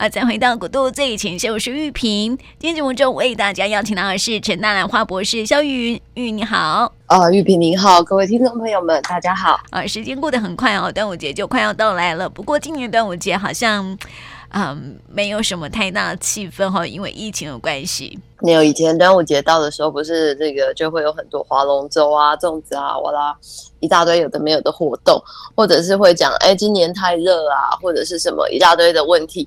啊！再回到古都最前線，我是玉萍。今天節目中為大家邀請到的是成大蘭花博士郁芸，芸你好。啊，玉萍您好，各位聽眾朋友們，大家好。啊，時間過得很快哦，端午節就快要到來了。不過今年端午節好像，嗯，沒有什麼太大的氣氛哈，哦，因為疫情的關係。沒有以前端午節到的時候，不是這個就會有很多划龍舟啊、粽子啊，哇啦一大堆有的沒有的活動，或者是會講哎今年太熱啊，或者是什麼一大堆的問題。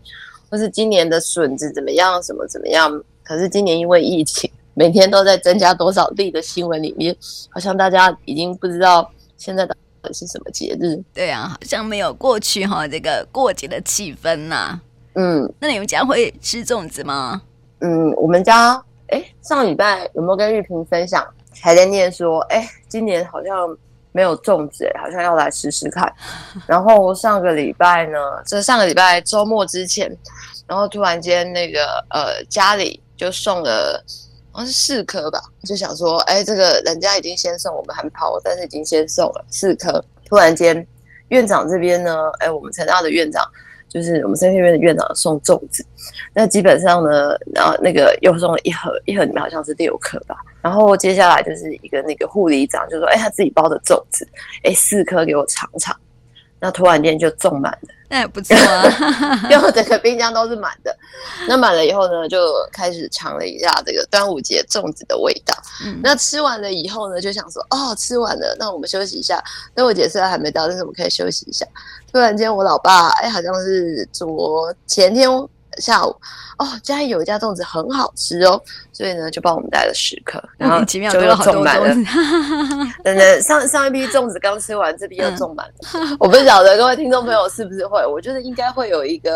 就是今年的筍子怎麼樣，什麼怎麼樣？可是今年因為疫情，每天都在增加多少例的新聞裡面，好像大家已經不知道現在到底是什麼節日。對啊，好像沒有過去哈，這個過節的氣氛吶、啊。嗯，那你們家會吃粽子嗎？嗯，我們家，哎，上禮拜有沒有跟玉萍分享？還在念說，哎，今年好像。沒有粽子，欸，好像要來試試看。 然後上個禮拜呢，這上個禮拜周末之前，然後突然間那個呃家裡就送了，好像是四顆吧。就想說，哎，這個人家已經先送我們還沒跑，但是已經先送了四顆。突然間院長這邊呢，哎，我們成大的院長就是我們生科院的院長送粽子，那基本上呢，然後那個又送了一盒，一盒裡面好像是六顆吧。然後接下來就是一個那個護理長就說：“哎，他自己包的粽子，哎，四顆給我嘗嘗。”那突然間就種滿了，那、哎、也不錯，因 為整個冰箱都是滿的。那滿了以後呢，就開始嘗了一下這個端午節粽子的味道、嗯。那吃完了以後呢，就想說：“哦，吃完了，那我們休息一下。那我姐雖然還沒到，但是我們可以休息一下。”突然間，我老爸，哎，好像是昨前天。下午，哦，家裡有一家粽子很好吃哦，所以呢，就幫我們帶了十顆，然後就又種滿了。真 上上一批粽子剛吃完，這批又種滿了。嗯。我不曉得各位聽眾朋友是不是會，我覺得應該會有一個。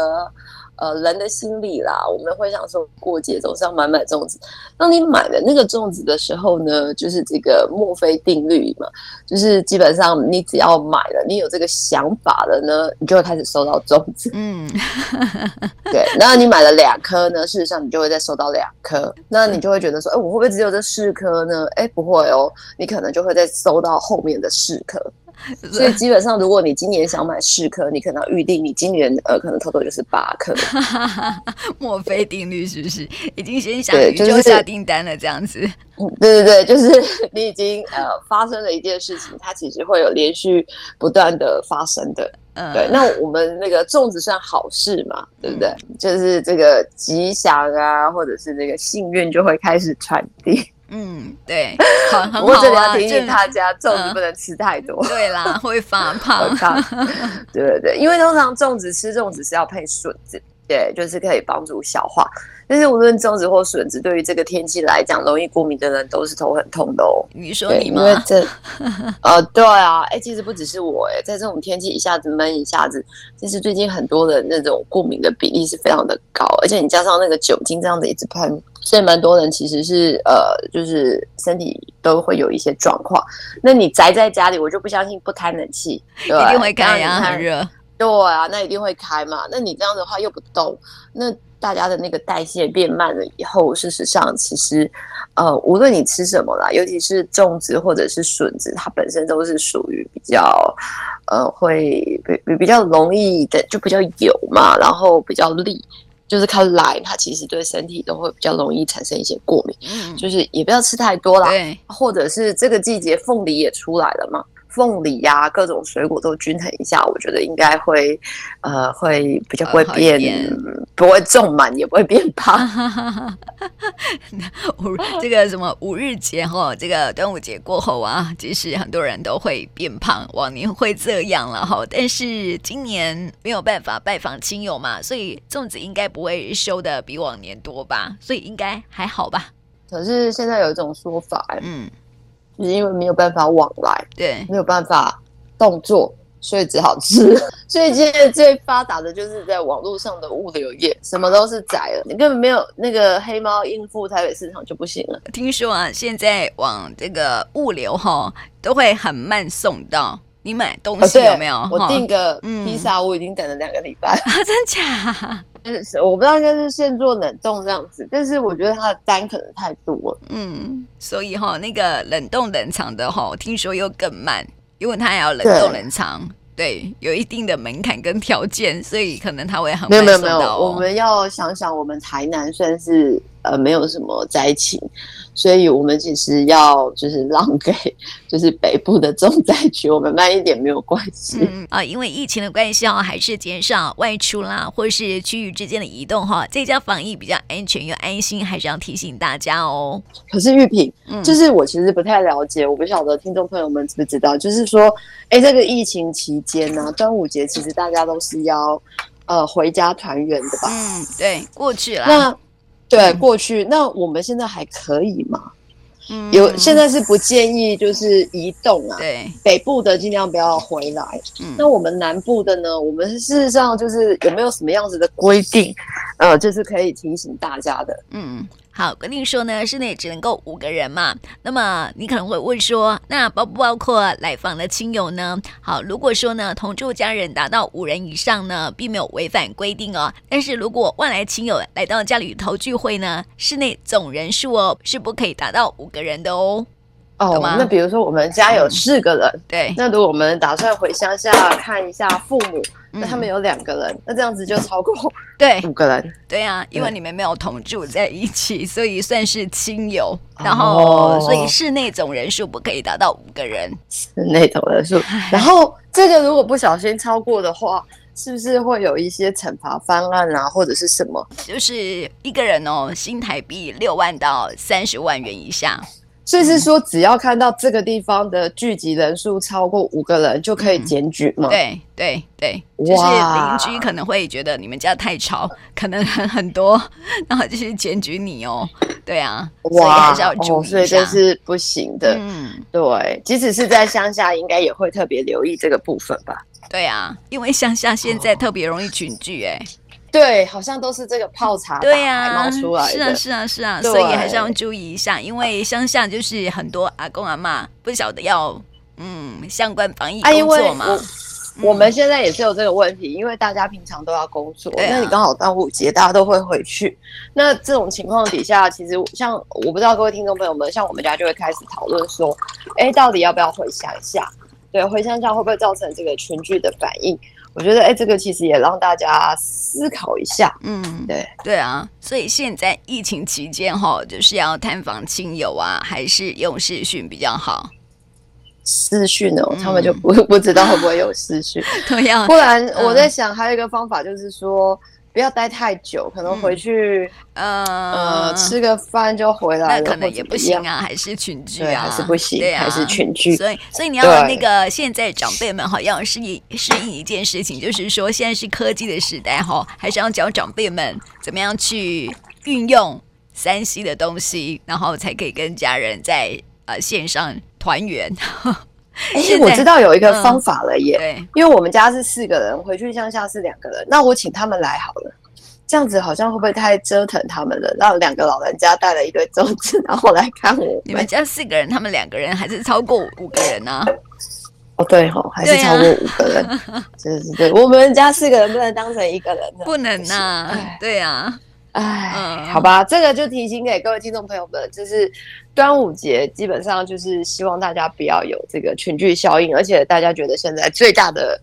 呃，人的心理啦，我們會想說過節總是要買買粽子。當你買了那個粽子的時候呢，就是這個墨菲定律嘛，就是基本上你只要買了，你有這個想法了呢，你就會開始收到粽子。嗯， 對。那你買了兩顆呢，事實上你就會再收到兩顆。那你就會覺得說，哎，我會不會只有這四顆呢？哎，不會哦，你可能就會再收到後面的四顆。是是，所以基本上，如果你今年想買四顆，你可能要預定你今年呃，可能偷偷就是八顆。墨 菲定律是不是已經先想就，是，就下訂單了？這樣子，對對對，就是你已經呃，發生了一件事情，它其實會有連續不斷的發生的，嗯。對，那我們那個粽子算好事嘛？對不對，嗯？就是這個吉祥啊，或者是那個幸運就會開始傳遞。嗯，對，很很好，啊，我這裡要提醒大家，粽子不能吃太多，呃、對啦，會發胖， 胖，對對對，因為通常粽子吃粽子是要配筍子的。對，就是可以幫助消化。但是無論粽子、或筍子，對於這個天氣來講，容易過敏的人都是頭很痛的哦。你說你嗎？因為這 呃，對啊，哎、欸，其實不只是我哎、欸，在這種天氣一下子悶一下子，其實最近很多人那種過敏的比例是非常的高，而且你加上那個酒精這樣子一直噴，所以蠻多人其實是呃，就是身體都會有一些狀況。那你宅在家裡，我就不相信不開冷氣、啊、一定會乾呀，很熱。對啊，那一定會開嘛。那你這樣的話又不動，那大家的那個代謝變慢了以後，事實上其實，呃，無論你吃什麼啦，尤其是粽子或者是筍子，它本身都是屬於比較，呃，會比比比較容易的，就比較油嘛，然後比較膩，就是看來它其實對身體都會比較容易產生一些過敏。就是也不要吃太多啦。對。或者是這個季節鳳梨也出來了嘛。鳳梨呀，啊，各種水果都均衡一下，我覺得應該會，呃，會比較不會變，呃，不會種滿，也不會變胖。 啊，哈哈哈哈五，這個什麼五日節哈，這個端午節過後啊，其實很多人都會變胖，往年會這樣了哈，但是今年沒有辦法拜訪親友嘛，所以粽子應該不會收得比往年多吧，所以應該還好吧。可是現在有一種說法，嗯。是因為沒有辦法往來，對，沒有辦法動作，所以只好吃。所以現在最發達的就是在網絡上的物流業，什麼都是宅了，你根本沒有那個黑貓應付台北市場就不行了。聽說啊，現在往這個物流哈，都會很慢送到。你買東西有沒有？啊、我訂個披薩、嗯，我已經等了兩個禮拜了、啊，真假？嗯、就是，我不知道，應該是現做冷凍這樣子，但是我覺得它的單可能太多了，嗯，所以哈，那個冷凍冷藏的哈，聽說又更慢，因為它還要冷凍冷藏對，對，有一定的門檻跟條件，所以可能它會很慢到、哦。沒有沒有沒有，我們要想想，我們台南算是。呃，沒有什麼災情，所以我們其實要就是讓給就是北部的重災區，我們慢一點沒有關係，嗯、啊。因為疫情的關係哦，還是減少外出啦，或是區域之間的移動哈，哦。在家防疫比較安全又安心，還是要提醒大家哦。可是玉萍，嗯，就是我其實不太了解，我不曉得聽眾朋友們知不知道，就是說，哎，這個疫情期間呢，啊，端午節其實大家都是要呃回家團圓的吧？嗯，對，過去了。那對、嗯，過去那我們現在還可以嗎、嗯？有，現在是不建議就是移動啊。對，北部的盡量不要回來。嗯、那我們南部的呢？我們事實上就是有沒有什麼樣子的規定？呃，就是可以提醒大家的。嗯。好，規定說呢，室內只能夠五個人嘛。那麼你可能會問說，那包不包括來訪的親友呢？好，如果說呢，同住家人達到五人以上呢，並沒有違反規定哦。但是如果外來親友來到家裡頭聚會呢，室內總人數哦，是不可以達到五個人的哦。哦、oh，懂嗎？那比如說我們家有四個人，嗯，對。那如果我們打算回鄉下看一下父母，嗯、那他們有兩個人，那這樣子就超過，對，五個人，對，對啊對，因為你們沒有同住在一起，所以算是親友，然後、oh, 所以室內總人數不可以達到五個人，室內總人數。然後這個如果不小心超過的話，是不是會有一些懲罰方案啊，或者是什麼？就是一個人哦，新台幣六萬到三十萬元以下。嗯、所以是說，只要看到這個地方的聚集人數超過五個人，就可以檢舉嗎？嗯、對對對，就是鄰居可能會覺得你們家太吵，可能很很多，然後就去檢舉你哦。對啊，所以還是要注意啊、哦。所以這是不行的。嗯，對，即使是在鄉下，應該也會特別留意這個部分吧？對啊，因為鄉下現在特別容易群聚哎、欸。哦對，好像都是這個泡茶對呀、啊、是啊是啊是啊，所以還是要注意一下，因為鄉下就是很多阿公阿嬤，不曉得要嗯相關防疫工作嘛、啊因為我嗯。我們現在也是有這個問題，因為大家平常都要工作，啊、那你剛好端午節大家都會回去，那這種情況底下，其實像我不知道各位聽眾朋友們，像我們家就會開始討論說，哎，到底要不要回鄉下？對，回鄉下會不會造成這個群聚的反應？我覺得，哎、欸，這個其實也讓大家思考一下。嗯，對，對啊。所以現在疫情期間吼、哦、就是要探訪親友啊，還是用視訊比較好？視訊哦、嗯，他們就不不知道會不會有視訊。同、啊、樣，不然我在想還有一個方法，就是說。嗯嗯不要待太久，可能回去、嗯、呃、呃吃個飯就回來了。那可能也不行啊，還是群聚。啊，對，還是不行對。啊，還是群聚。所以，所以你要那個現在長輩們好，要適應適應一件事情，就是說現在是科技的時代哈，還是要教長輩們怎麼樣去運用三 C 的東西，然後才可以跟家人在呃線上團圓。 哎、欸，我知道有一個方法了耶、嗯！因為我們家是四個人，回去鄉下是兩個人，那我請他們來好了。這樣子好像會不會太折騰他們了？讓兩個老人家帶了一堆粽子，然後來看我。你們家四個人，他們兩個人還是超過五，五個人呢、啊？ 哦，對吼、哦，還是超過五個人，真、啊、 是對。我們家四個人不能當成一個人，不能吶、啊，對呀。對啊。哎，好吧，這個就提醒給各位聽眾朋友們，就是端午節，基本上就是希望大家不要有這個群聚效應，而且大家覺得現在最大的。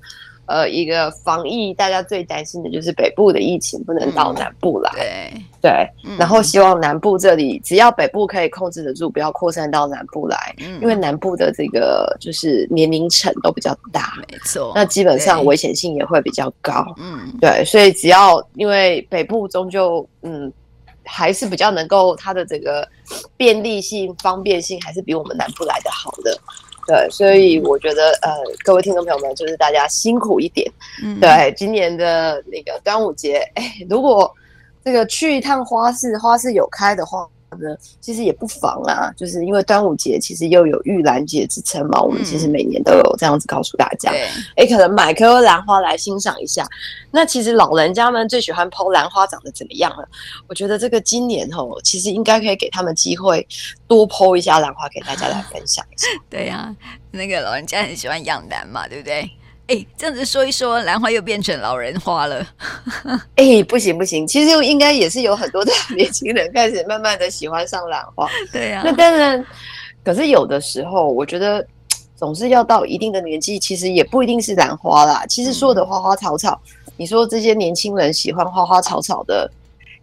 呃，一個防疫，大家最擔心的就是北部的疫情，不能到南部來。嗯、對對、嗯，然後希望南部這裡，只要北部可以控制得住，不要擴散到南部來、嗯，因為南部的這個就是年齡層都比較大，沒錯，那基本上危險性也會比較高。嗯，對，所以只要因為北部終究嗯還是比較能夠，它的這個便利性、嗯、方便性還是比我們南部來得好的。對，所以我覺得，呃，各位聽眾朋友們，就是大家辛苦一點。嗯，對，今年的那個端午節，哎，如果這個去一趟花市，花市有開的話，其實也不妨啊，就是因為端午節其實又有浴蘭節之稱嘛，嗯，我們其實每年都有這樣子告訴大家。對，哎，可能買顆蘭花來欣賞一下。那其實老人家們最喜歡 PO 蘭花，長得怎麼樣了？我覺得這個今年哦，其實應該可以給他們機會多 PO 一下蘭花給大家來分享一下。對呀，啊，那個老人家很喜歡養蘭嘛，對不對？哎、欸，這樣子說一說，蘭花又變成老人花了。哎、 欸，不行不行，其實應該也是有很多的年輕人開始慢慢的喜歡上蘭花。 對呀、啊，那當然，可是有的時候，我覺得總是要到一定的年紀，其實也不一定是蘭花啦。其實說的花花草草，嗯、你說這些年輕人喜歡花花草草的，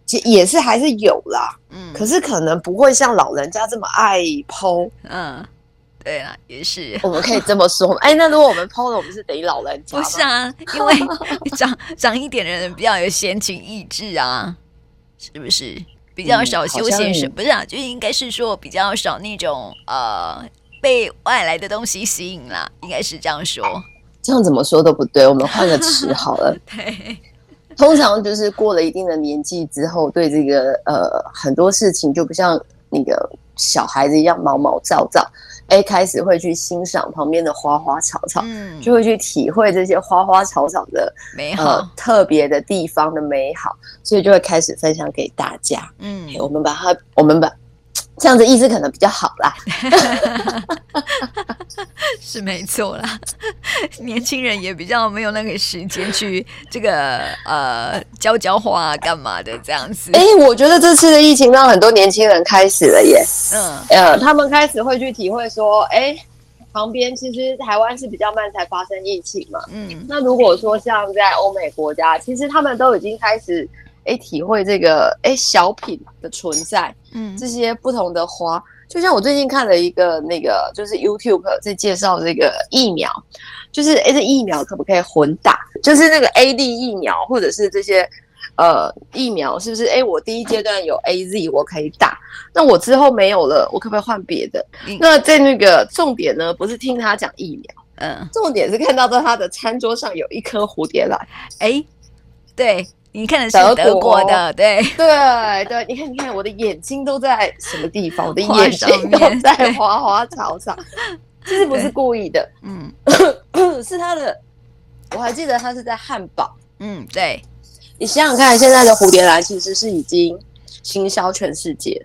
其實也是還是有啦。嗯，可是可能不會像老人家這麼愛剖。嗯。對啊，也是， 我們可以這麼說。哎、欸，那如果我們拋了，我們是等於老人家了。不是啊，因為長 長一點的人比較有閒情逸致啊，是不是？比較少休閒，是、嗯、不是啊？就應該是說比較少那種呃被外來的東西吸引了，應該是這樣說、啊。這樣怎麼說都不對，我們換個詞好了。 對，通常就是過了一定的年紀之後，對這個呃很多事情就不像那個小孩子一樣毛毛躁躁。哎，開始會去欣賞旁邊的花花草草，嗯，就會去體會這些花花草草的美好，呃，特別的地方的美好，所以就會開始分享給大家。嗯，我們把它，我們把。這樣子意思可能比較好啦 ，是沒錯啦。年輕人也比較沒有那個時間去這個呃澆澆花啊幹嘛的這樣子。哎、欸，我覺得這次的疫情讓很多年輕人開始了耶。嗯呃，他們開始會去體會說，哎、欸，旁邊其實台灣是比較慢才發生疫情嘛。嗯，那如果說像在歐美國家，其實他們都已經開始。哎，體會這個哎，小品的存在，嗯，這些不同的花，嗯，就像我最近看了一個那個，就是 YouTube 在介紹這個疫苗，就是哎，這疫苗可不可以混打？就是那個 A D 疫苗或者是這些呃疫苗，是不是？哎，我第一階段有 A Z，我可以打，那我之後沒有了，我可不可以換別的？嗯，那在那個重點呢？不是聽他講疫苗，嗯，重點是看到在他的餐桌上有一顆蝴蝶蘭，哎，對。你看的是德國的，德國，對 對對，你看，你看，我的眼睛都在什麼地方？我的眼睛都在花花草草，這是不是故意的？嗯， 是它的，我還記得它是在漢堡。嗯，對，你想想看，現在的蝴蝶蘭其實是已經行銷全世界。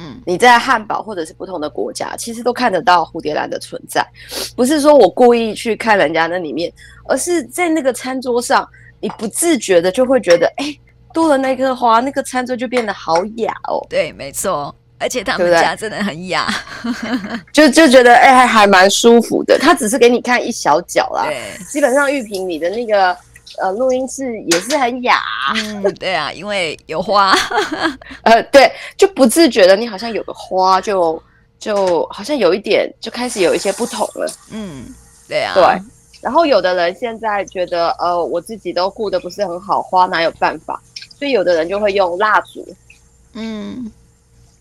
嗯，你在漢堡或者是不同的國家，其實都看得到蝴蝶蘭的存在，不是說我故意去看人家那裡面，而是在那個餐桌上。你不自覺的就會覺得，哎、欸，多了那個花，那個餐桌就變得好雅哦。對，沒錯，而且他們家真的很雅，對對 就就覺得，哎、欸，還還蠻舒服的。他只是給你看一小角啦，對，基本上玉平你的那個呃錄音室也是很雅，嗯，對啊，因為有花， 呃，對，就不自覺的，你好像有個花，就就好像有一點就開始有一些不同了，嗯，對啊，對。然後有的人現在覺得，呃，我自己都顧得不是很好，花哪有辦法？所以有的人就會用蠟燭，嗯，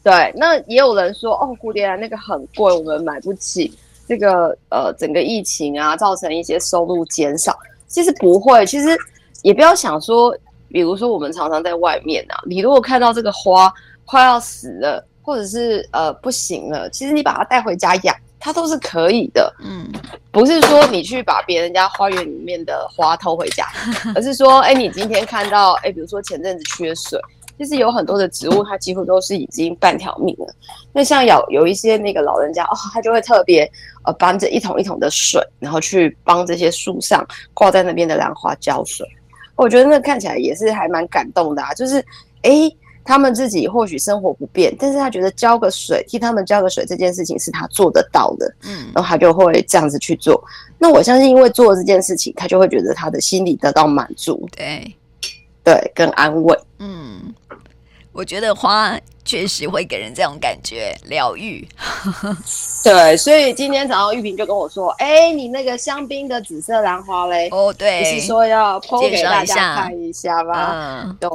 對。那也有人說，哦，蝴蝶蘭那個很貴，我們買不起。這個呃，整個疫情啊，造成一些收入減少。其實不會，其實也不要想說，比如說我們常常在外面啊，你如果看到這個花快要死了，或者是呃不行了，其實你把它帶回家養。它都是可以的，嗯，不是說你去把別人家花園裡面的花偷回家，而是說，哎，你今天看到，哎，比如說前陣子缺水，就是有很多的植物，它幾乎都是已經半條命了。那像有有一些那個老人家哦，他就會特別呃，搬着一桶一桶的水，然後去幫這些樹上掛在那邊的蘭花澆水。我覺得那看起來也是還蠻感動的啊，就是哎。誒他們自己或許生活不便，但是他覺得澆個水，替他們澆個水這件事情是他做得到的，嗯，然後他就會這樣子去做。那我相信，因為做了這件事情，他就會覺得他的心理得到滿足，對，對，跟安慰，嗯。我覺得花確實會給人這種感覺，療癒。 對，所以今天早上玉屏就跟我說，哎，你那個香檳的紫色蘭花嘞，哦，對，是說要剖給大家看一下吧，啊？對，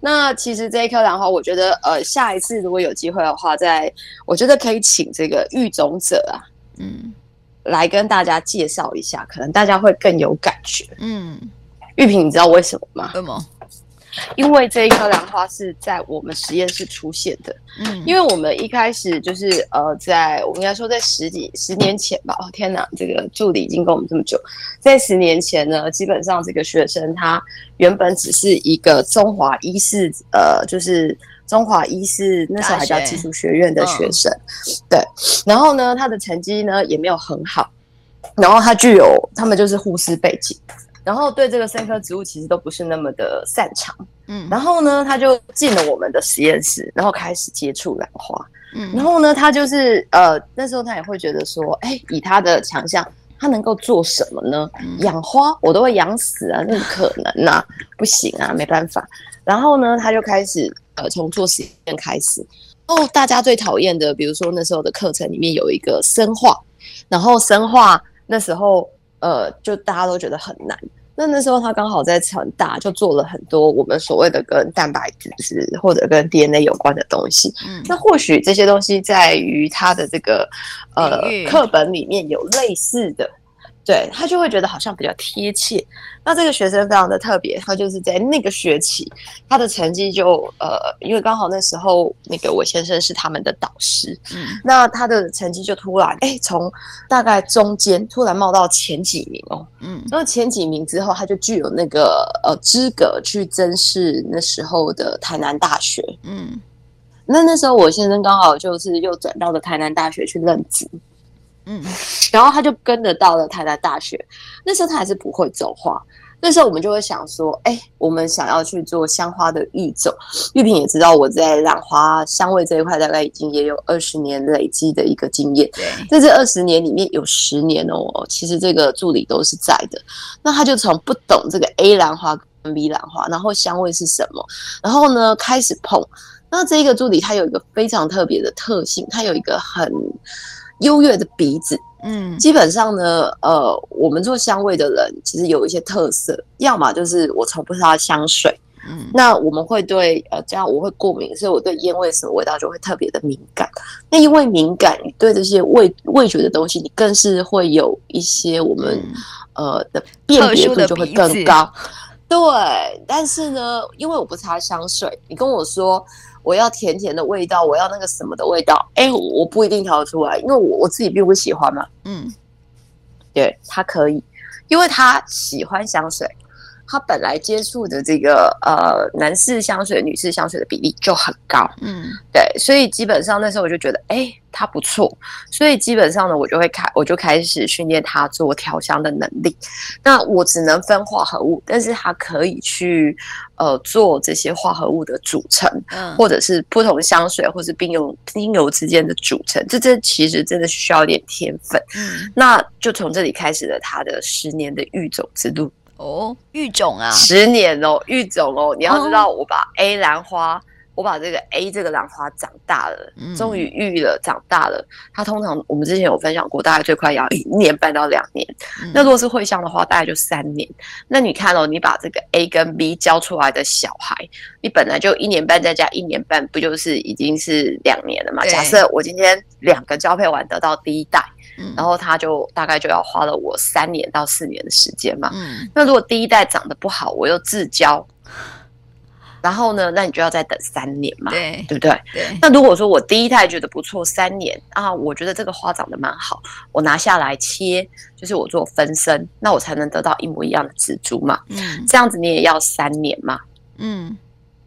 那其實這一顆蘭花，我覺得，呃，下一次如果有機會的話再，在我覺得可以請這個育種者啊，嗯，來跟大家介紹一下，可能大家會更有感覺。嗯，玉屏，你知道為什麼嗎？為什麼？因為這一顆蘭花是在我們實驗室出現的，嗯，因為我們一開始就是呃，在我應該說在十幾十年前吧，哦天哪，這個助理已經跟我們這麼久，在十年前呢，基本上這個學生他原本只是一個中華醫事，呃，就是中華醫事那時候還叫技術學院的學生，學嗯、對，然後呢，他的成績呢也沒有很好，然後他具有他們就是護士背景。然後對這個生科植物其實都不是那麼的擅長，嗯，然後呢，他就進了我們的實驗室，然後開始接觸蘭花，嗯，然後呢，他就是呃，那時候他也會覺得說，哎，以他的強項，他能夠做什麼呢？嗯、養花我都會養死啊，那可能呢、啊， 不行啊，沒辦法。然後呢，他就開始呃，從做實驗開始。哦，大家最討厭的，比如說那時候的課程裡面有一個生化，然後生化那時候。呃，就大家都覺得很難。那那時候他剛好在成大，就做了很多我們所謂的跟蛋白質或者跟 DNA 有關的東西。嗯、那或許這些東西，在於他的這個呃、嗯、課本裡面有類似的。對，他就會覺得好像比較貼切。那這個學生非常的特別，他就是在那個學期，他的成績就呃，因為剛好那時候那個我先生是他們的導師，嗯，那他的成績就突然哎，從大概中間突然冒到前幾名哦，嗯，然後前幾名之後，他就具有那個呃資格去甄試那時候的台南大學，嗯，那那時候我先生剛好就是又轉到了台南大學去任職。嗯，然後他就跟着到了他的大學，那時候他還是不會種花。那時候我們就會想說，哎，我們想要去做香花的育種。玉萍也知道我在蘭花香味這一塊大概已經也有二十年累積的一個經驗。對，在這二十年裡面有十年哦，其實這個助理都是在的。那他就從不懂這個 A 蘭花跟 B 蘭花，然後香味是什麼，然後呢，開始碰。那這一個助理他有一個非常特別的特性，他有一個很。優越的鼻子，嗯，基本上呢，呃，我們做香味的人其實有一些特色，要麼就是我從不擦香水，嗯，那我們會對，呃，這樣我會過敏，所以我對煙味什麼味道就會特別的敏感。那因為敏感，你對這些味味覺的東西，你更是會有一些我們，嗯、呃，的辨別度就會更高。對，但是呢，因為我不擦香水，你跟我說。我要甜甜的味道，我要那個什麼的味道。哎、欸，我不一定調得出來，因為我我自己並不喜歡嘛。嗯，對，他可以，因為他喜歡香水，他本來接觸的這個呃男士香水、女士香水的比例就很高。嗯，對，所以基本上那時候我就覺得，哎、欸，他不錯。所以基本上呢，我就會開，我就開始訓練他做調香的能力。那我只能分化合物，但是他可以去。呃，做這些化合物的組成，嗯、或者是不同香水或，或者是併用精油之間的組成，這這其實真的需要一點天分。嗯，那就從這裡開始了他的十年的育種之路。哦，育種啊，十年哦，育種哦，你要知道，我把 A 蘭花。我把這個 A 這個蘭花長大了，嗯，終於育了，長大了。它通常我們之前有分享過，大概最快要一年半到兩年。嗯，那如果是會香的話，大概就三年。那你看哦，你把這個 A 跟 B 交出來的小孩，你本來就一年半再加一年半，不就是已經是兩年了嘛？假設我今天兩個交配完得到第一代，嗯，然後它就大概就要花了我三年到四年的時間嘛。嗯，那如果第一代長得不好，我又自交。然後呢，那你就要再等三年嘛，對，對不對，對？那如果說我第一胎覺得不錯，三年啊，我覺得這個花長得蠻好，我拿下來切，就是我做分身，那我才能得到一模一樣的植株嘛。嗯。這樣子你也要三年嘛？嗯。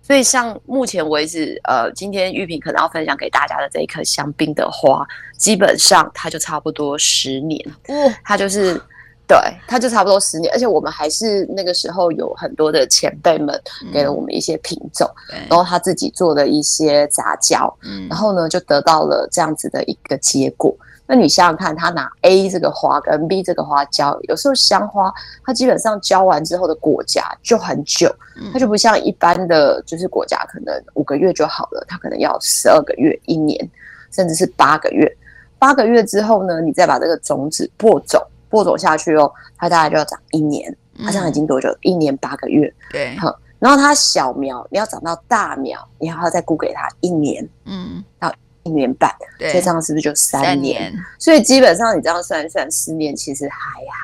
所以像目前為止，呃，今天玉萍可能要分享給大家的這一棵香檳的花，基本上它就差不多十年。哦。它就是。對，他就差不多十年，而且我們還是那個時候有很多的前輩們給了我們一些品種，嗯嗯嗯、然後他自己做了一些雜交，嗯、然後呢就得到了這樣子的一個結果。那你想想看，他拿 A 這個花跟 B 這個花交，有時候香花它基本上交完之後的果莢就很久，它就不像一般的就是果莢可能五個月就好了，它可能要十二個月、一年，甚至是八個月。八個月之後呢，你再把這個種子播種。播種下去哦，它大概就要長一年。它這樣已經多久了，嗯？一年八個月。對，好。然後它小苗，你要長到大苗，你還要，要再顧給它一年。嗯，到一年半。對，所以這樣是不是就三年？三年。所以基本上，你這樣算一算，四年其實還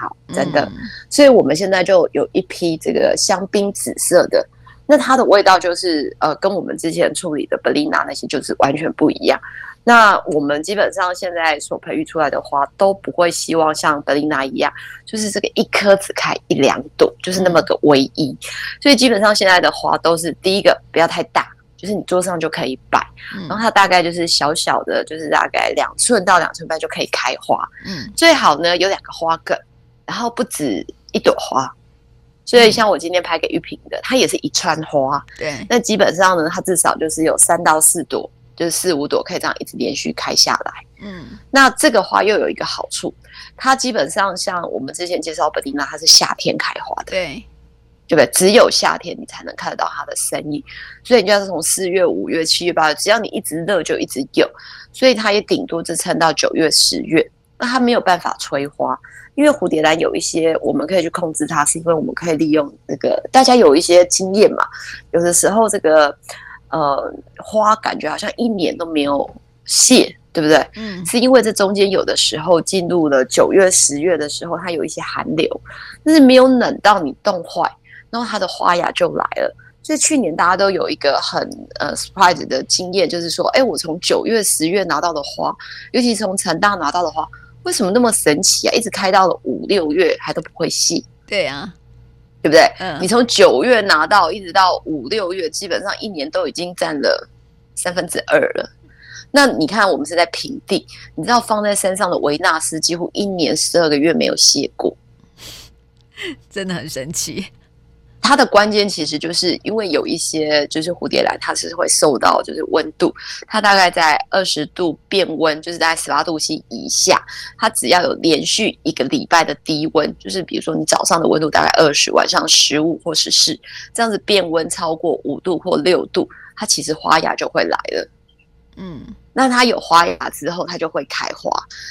好，真的，嗯。所以我們現在就有一批這個香檳紫色的，那它的味道就是呃，跟我們之前處理的 Belenina 那些就是完全不一樣。那我們基本上現在所培育出來的花都不會希望像德琳娜一樣，就是這個一顆只開一兩朵，就是那麼的唯一。所以基本上現在的花都是第一個不要太大，就是你桌上就可以擺。然後它大概就是小小的，就是大概兩寸到兩寸半就可以開花。嗯，最好呢有兩個花梗，然後不止一朵花。所以像我今天拍給玉萍的，它也是一串花。對，那基本上呢，它至少就是有三到四朵。就是四五朵可以這樣一直連續開下來，嗯，那這個花又有一個好處，它基本上像我們之前介紹的，蒂娜，它是夏天開花的，對，對不對？只有夏天你才能看得到它的生意，所以你就要是從四月、五月、七月、八月，只要你一直熱，就一直有，所以它也頂多支撐到九月、十月，那它沒有辦法催花，因為蝴蝶蘭有一些我們可以去控制它，是因為我們可以利用這個大家有一些經驗嘛，有的時候這個。呃，花感覺好像一年都沒有謝，對不對？嗯，是因為這中間有的時候進入了九月、十月的時候，它有一些寒流，但是沒有冷到你凍壞，然後它的花芽就來了。所以去年大家都有一個很呃 surprise 的經驗，就是說，哎、欸，我從九月、十月拿到的花，尤其從成大拿到的花，為什麼那麼神奇啊？一直開到了五六月，還都不會謝。對啊。對不對？嗯，你從九月拿到一直到五六月，基本上一年都已經占了三分之二了。那你看，我們是在平地，你知道放在山上的維納斯幾乎一年十二個月沒有卸過，真的很神奇。它的關鍵其實就是因為有一些就是蝴蝶蘭，它是會受到就是溫度，它大概在二十度變溫，就是在十八度 C 以下，它只要有連續一個禮拜的低溫，就是比如說你早上的溫度大概二十，晚上十五或十四，這樣子變溫超過五度或六度，它其實花芽就會來了。嗯，那它有花芽之後，它就會開花。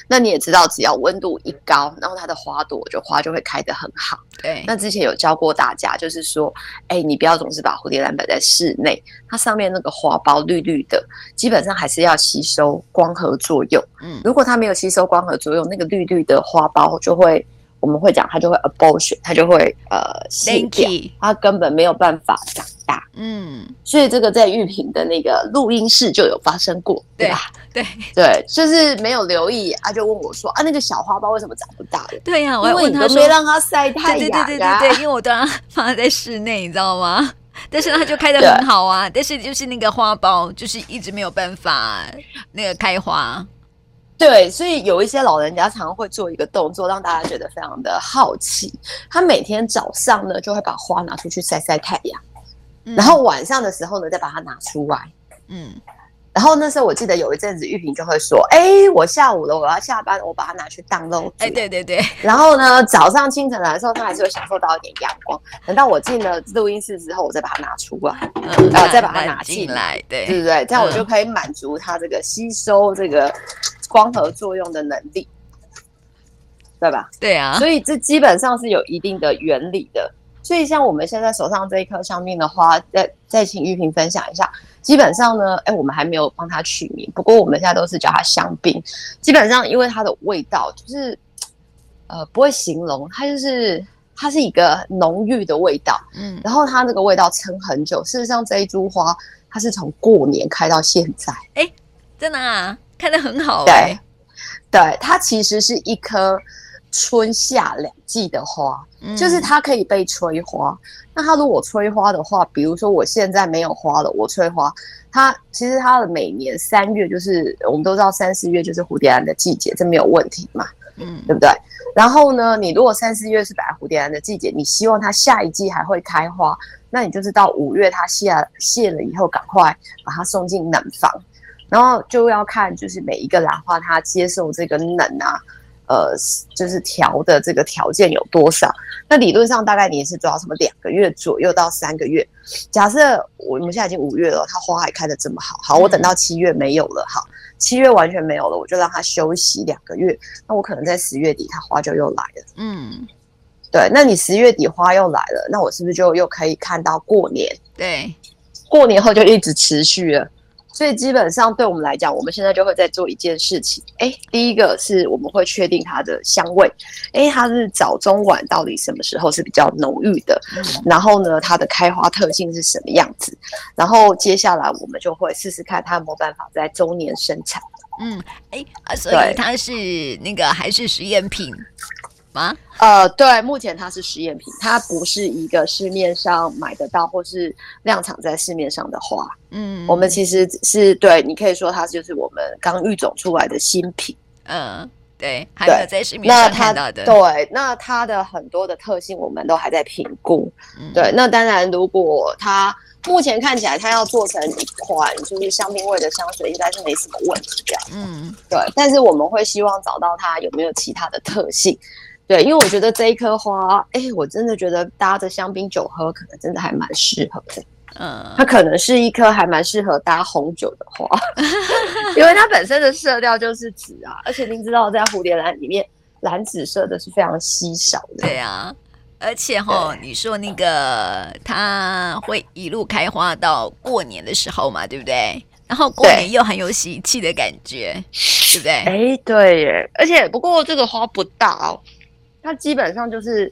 那你也知道，只要溫度一高，然後它的花朵就花就會開得很好。對，那之前有教過大家，就是說，哎、欸，你不要總是把蝴蝶蘭擺在室內，它上面那個花苞綠綠的，基本上還是要吸收光合作用。嗯，如果它沒有吸收光合作用，那個綠綠的花苞就會。我們會講，它就會 abortion，它就會呃 s n sinky 它根本沒有辦法長大。嗯，所以這個在郁芸的那個錄音室就有發生過，對，對吧？對對，就是沒有留意，他、啊、就問我說：“啊，那個小花苞為什麼長不大？對呀、啊，我還問他說：“沒讓它曬太陽、啊？”對對對對，對因為我都讓它放在在室內，你知道嗎？ 但是它就開得很好啊，但是就是那個花苞就是一直沒有辦法那個開花。對，所以有一些老人家常常會做一個動作，讓大家覺得非常的好奇。他每天早上呢，就會把花拿出去曬曬太陽，嗯、然後晚上的時候呢，再把它拿出來。嗯，然後那時候我記得有一陣子玉萍就會說：“哎，我下午了，我要下班了，我把它拿去當漏子。”哎，對對對。然後呢，早上清晨來的時候，他還是會享受到一點陽光。等到我進了錄音室之後，我再把它拿出來，啊、嗯呃，再把它拿進來，對，對不對、嗯？這樣我就可以滿足它這個吸收這個。光合作用的能力，對吧？對啊，所以這基本上是有一定的原理的。所以像我們現在手上這一顆香檳的花，再再請玉萍分享一下。基本上呢，哎，我們還沒有幫它取名，不過我們現在都是叫它香檳。基本上，因為它的味道就是，呃，不會形容，它就是它是一個濃郁的味道。嗯，然後它那個味道撐很久。嗯，事實上，這一株花它是從過年開到現在。哎，真的啊！開得很好、欸、對對，它其實是一棵春夏兩季的花。嗯、就是它可以被催花。那它如果催花的話，比如說我現在沒有花了，我催花，它其實它的每年三月就是我們都知道三四月就是蝴蝶蘭的季節，這沒有問題嘛，嗯，對不對？然後呢，你如果三四月是白蝴蝶蘭的季節，你希望它下一季還會開花，那你就是到五月它下謝了，了以後，趕快把它送進冷房。然後就要看，就是每一個蘭花它接受這個冷啊，呃，就是調的這個條件有多少。那理論上大概你是抓什麼兩個月左右到三個月。假設我們現在已經五月了，它花還開得這麼好，好，我等到七月沒有了，好，七月完全沒有了，我就讓它休息兩個月。那我可能在十月底它花就又來了。嗯，對，那你十月底花又來了，那我是不是就又可以看到過年？對，過年後就一直持續了。所以基本上對我們來講，我們現在就會在做一件事情。哎，第一個是我們會確定它的香味，哎，它是早中晚到底什麼時候是比較濃郁的，嗯？然後呢，它的開花特性是什麼樣子？然後接下來我們就會試試看它有沒有辦法在周年生產。嗯，哎啊，所以它是那個還是實驗品？啊，呃，對，目前它是實驗品，它不是一個市面上買得到或是量產在市面上的花。嗯，我們其實是對你可以說它就是我們剛育種出來的新品。嗯、呃，對，對，還沒有在市面上看到的。對，那它的很多的特性我們都還在評估。嗯、對，那當然，如果它目前看起來它要做成一款就是香檳味的香水，應該是沒什麼問題的。嗯嗯，對。但是我們會希望找到它有沒有其他的特性。對，因為我覺得這一顆花，哎，我真的覺得搭着香檳酒喝，可能真的還蠻適合的，嗯，它可能是一顆還蠻適合搭紅酒的花， 因為它本身的色調就是紫啊，而且您知道，在蝴蝶蘭裡面，藍紫色的是非常稀少的，對啊。而且哦，你說那個它會一路開花到過年的時候嘛，對不對？然後過年又很有喜氣的感覺，對，對不對？哎，對耶。而且不過這個花不大哦。它基本上就是，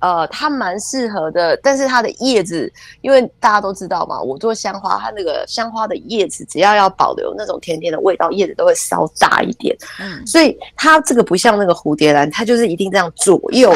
呃，它蠻適合的，但是它的葉子，因為大家都知道嘛，我做香花，它那個香花的葉子，只要要保留那種甜甜的味道，葉子都會稍大一點。嗯，所以它這個不像那個蝴蝶蘭，它就是一定這樣左右，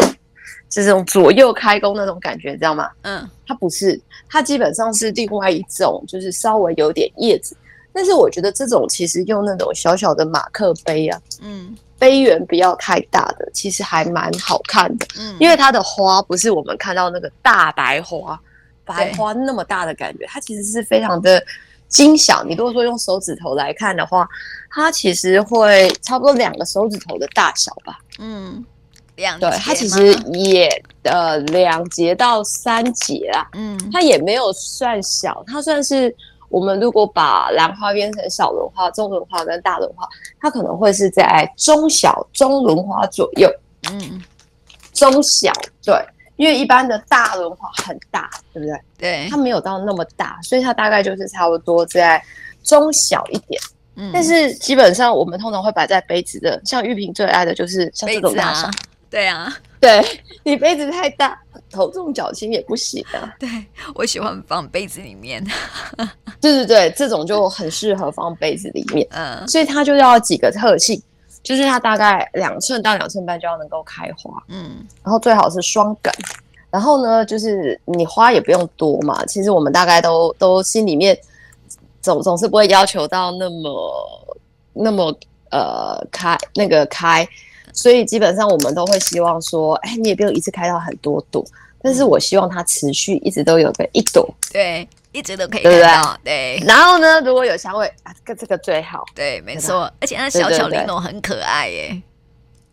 就是用左右開弓那種感覺，知道嗎？嗯，它不是，它基本上是另外一種，就是稍微有點葉子，但是我覺得這種其實用那種小小的馬克杯啊，嗯。飛緣不要太大的，其實還蠻好看的。嗯，因為它的花不是我們看到那個大白花，白花那麼大的感覺，它其實是非常的精小，嗯。你如果說用手指頭來看的話，它其實會差不多兩個手指頭的大小吧？嗯，兩節，對，它其實也呃兩節到三節啦。嗯，它也沒有算小，它算是。我們如果把蘭花變成小輪花、中輪花跟大輪花，它可能會是在中小中輪花左右。嗯，中小，對，因為一般的大輪花很大，對不對？對，它沒有到那麼大，所以它大概就是差不多在中小一點。嗯，但是基本上我們通常會擺在杯子的，像玉萍最愛的就是像這種大小。啊對啊，對，你杯子太大。頭重腳輕也不行啊，對，我喜歡放杯子裡面。對 對對，這種就很適合放杯子裡面。嗯，所以它就要幾個特性，就是它大概兩寸到兩寸半就要能夠開花。嗯，然後最好是雙梗。然後呢，就是你花也不用多嘛。其實我們大概都都心裡面總總是不會要求到那麼那麼呃開那個開，所以基本上我們都會希望說，哎、欸，你也不用一次開到很多朵。但是我希望它持續一直都有個一朵，對，一直都可以看到，對、對、對。然後呢，如果有香味啊，這個、這個最好，對，沒錯。而且它小巧玲瓏，很可愛耶。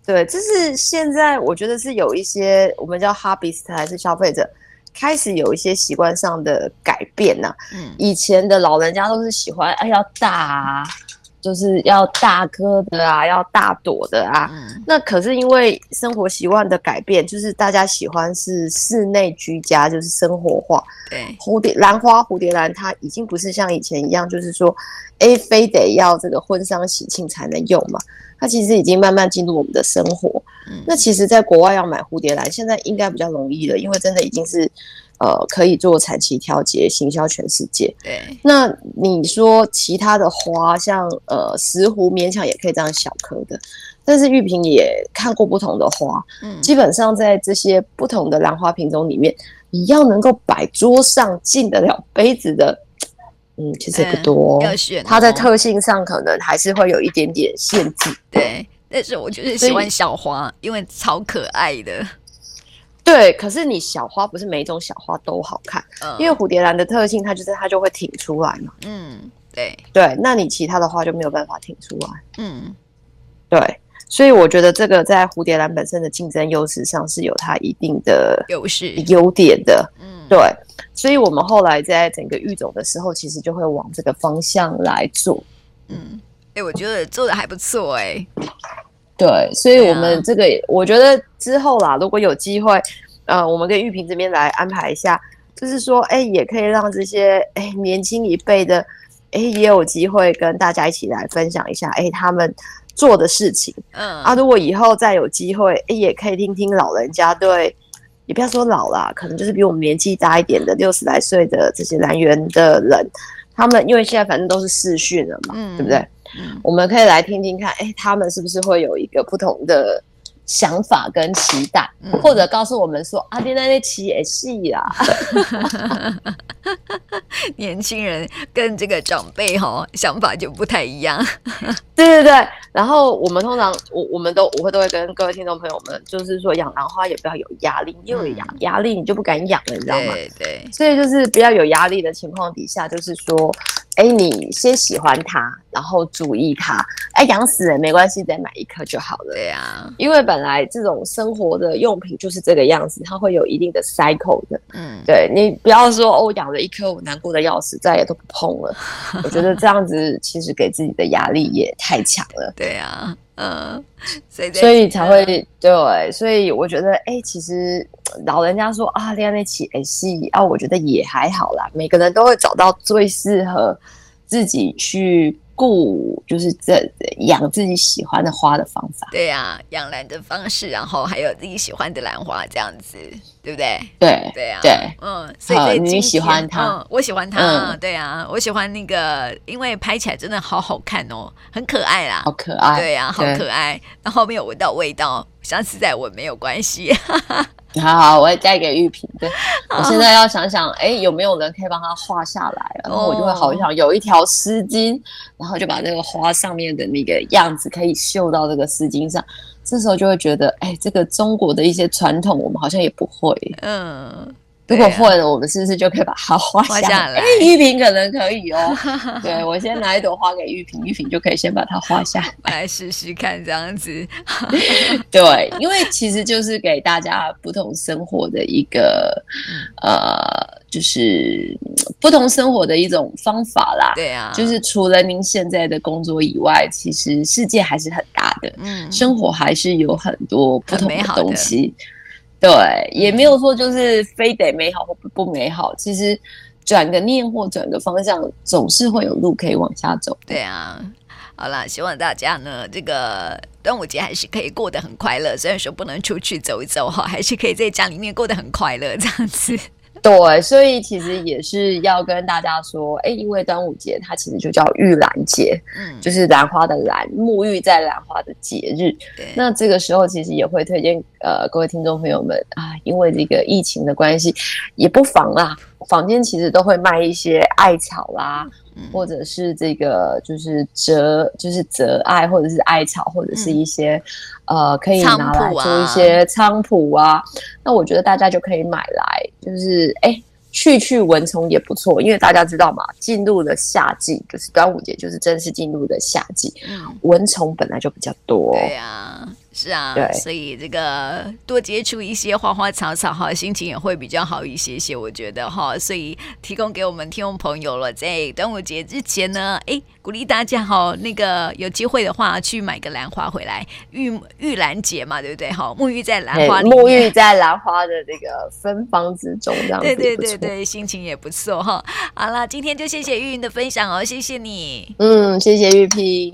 對、對、對、對，就是現在我覺得是有一些我們叫 hobbyist 還是消費者開始有一些習慣上的改變呢、啊嗯。以前的老人家都是喜歡哎呀大、啊。就是要大顆的啊，要大朵的啊、嗯。那可是因為生活習慣的改變，就是大家喜歡是室內居家，就是生活化。對，蝴蝶蘭花、蝴蝶蘭，它已經不是像以前一樣，就是說，哎、欸，非得要這個婚喪喜慶才能用嘛。它其實已經慢慢進入我們的生活。嗯、那其實，在國外要買蝴蝶蘭，現在應該比較容易了，因為真的已經是。呃，可以做產期調節，行銷全世界。對，那你說其他的花，像呃石斛，勉強也可以這樣小顆的。但是玉萍也看過不同的花，嗯，基本上在這些不同的蘭花品種裡面，你要能夠擺桌上進得了杯子的，嗯，其實不多，嗯。它在特性上可能還是會有一點點限制。對，但是我就是喜歡小花，因為超可愛的。對，可是你小花不是每一種小花都好看。嗯，因為蝴蝶蘭的特性，它就是它就會挺出來嘛。嗯，對對，那你其他的花就沒有辦法挺出來。嗯，對，所以我覺得這個在蝴蝶蘭本身的競爭優勢上是有它一定的優勢、優點的。嗯，對，所以我們後來在整個育種的時候，其實就會往這個方向來做。嗯，哎，我覺得做得還不錯，欸，哎。對，所以我們這個，uh. 我覺得之後啦，如果有機會，呃，我們跟玉萍這邊來安排一下，就是說，哎，也可以讓這些哎年輕一輩的，哎，也有機會跟大家一起來分享一下，哎，他們做的事情。嗯、uh.，啊，如果以後再有機會，哎，也可以聽聽老人家對，也不要說老啦，可能就是比我們年紀大一點的，六十來歲的這些蘭園的人，他們因為現在反正都是視訊了嘛，mm. 對不對？嗯、我們可以來聽聽看，哎、欸，他們是不是會有一個不同的想法跟期待，嗯、或者告訴我們說阿爹在那期也細呀，嗯啊啊、 年輕人跟這個長輩齁想法就不太一樣， 對對對。然後我們通常我我們都我會都會跟各位聽眾朋友們，就是說，養蘭花也不要有壓力，因為有壓力你就不敢養了，你知道嗎？對，對，所以就是不要有壓力的情況底下，就是說。哎，你先喜歡它，然後注意它。哎，養死人沒關係，再買一顆就好了。對呀、啊，因為本來這種生活的用品就是這個樣子，它會有一定的 cycle 的。嗯，對，你不要說哦，養了一顆我難過的要死，再也都不碰了。 我覺得這樣子其實給自己的壓力也太強了。對呀、啊。嗯，所，所以才會對，所以我覺得，哎，其實老人家說啊，戀愛那起也是啊，我覺得也還好啦。每個人都會找到最適合自己去顧，就是這養自己喜歡的花的方法。對啊，養蘭的方式，然後還有自己喜歡的蘭花這樣子。對不對？對對啊，對，嗯，所以、啊呃、你喜歡他，嗯、哦，我喜歡他、啊嗯，對啊，我喜歡那個，因為拍起來真的好好看哦，很可愛啦，好可愛，對呀、啊，好可愛。那後面有聞到味道，下次再聞沒有關係。 好好，我會帶給玉屏的。我現在要想想，哎，有沒有人可以幫她畫下來、啊哦？然後我就會好想有一條絲巾，然後就把那個花上面的那個樣子可以繡到這個絲巾上。這時候就會覺得，哎，這個中國的一些傳統，我們好像也不會，嗯。Uh. 啊、如果會，我們是不是就可以把它畫下來？下來玉平可能可以哦。 對，我先拿一朵花給玉平， 玉平就可以先把它畫下來，來試試看，這樣子。 對，因為其實就是給大家不同生活的一個、嗯，呃，就是不同生活的一種方法啦。對啊，就是除了您現在的工作以外，其實世界還是很大的，嗯、生活還是有很多不同的，的東西。對，也沒有說就是非得美好或不美好，其實轉個念或轉個方向，總是會有路可以往下走。對啊，好啦，希望大家呢這個端午節還是可以過得很快樂，雖然說不能出去走一走哈，還是可以在家裡面過得很快樂這樣子。對，所以其實也是要跟大家說，哎，因為端午節它其實就叫浴蘭節，嗯，就是蘭花的蘭，沐浴在蘭花的節日。對那這個時候其實也會推薦。呃，各位聽眾朋友們啊，因為這個疫情的關係，也不妨啦。房間其實都會賣一些艾草啦、啊嗯，或者是這個就是折就是折艾，或者是艾草，或者是一些、嗯、呃可以拿來做一些菖蒲啊，啊。那我覺得大家就可以買來，就是哎，去去蚊蟲也不錯。因為大家知道嘛，進入了夏季，就是端午節，就是正式進入的夏季、嗯，蚊蟲本來就比較多。對呀、啊。是啊對，所以這個多接觸一些花花草草哈，心情也會比較好一些些。我覺得哈、哦，所以提供給我們聽眾朋友了，在端午節之前呢，哎，鼓勵大家哈、哦，那個有機會的話去買個蘭花回來，浴浴蘭節嘛，對不對？好，沐浴在蘭花裡、哎，沐浴在蘭花的這個芬芳之中，這樣對對對對，心情也不錯哈、哦。好了，今天就謝謝郁芸的分享哦，謝謝你，嗯，謝謝玉萍。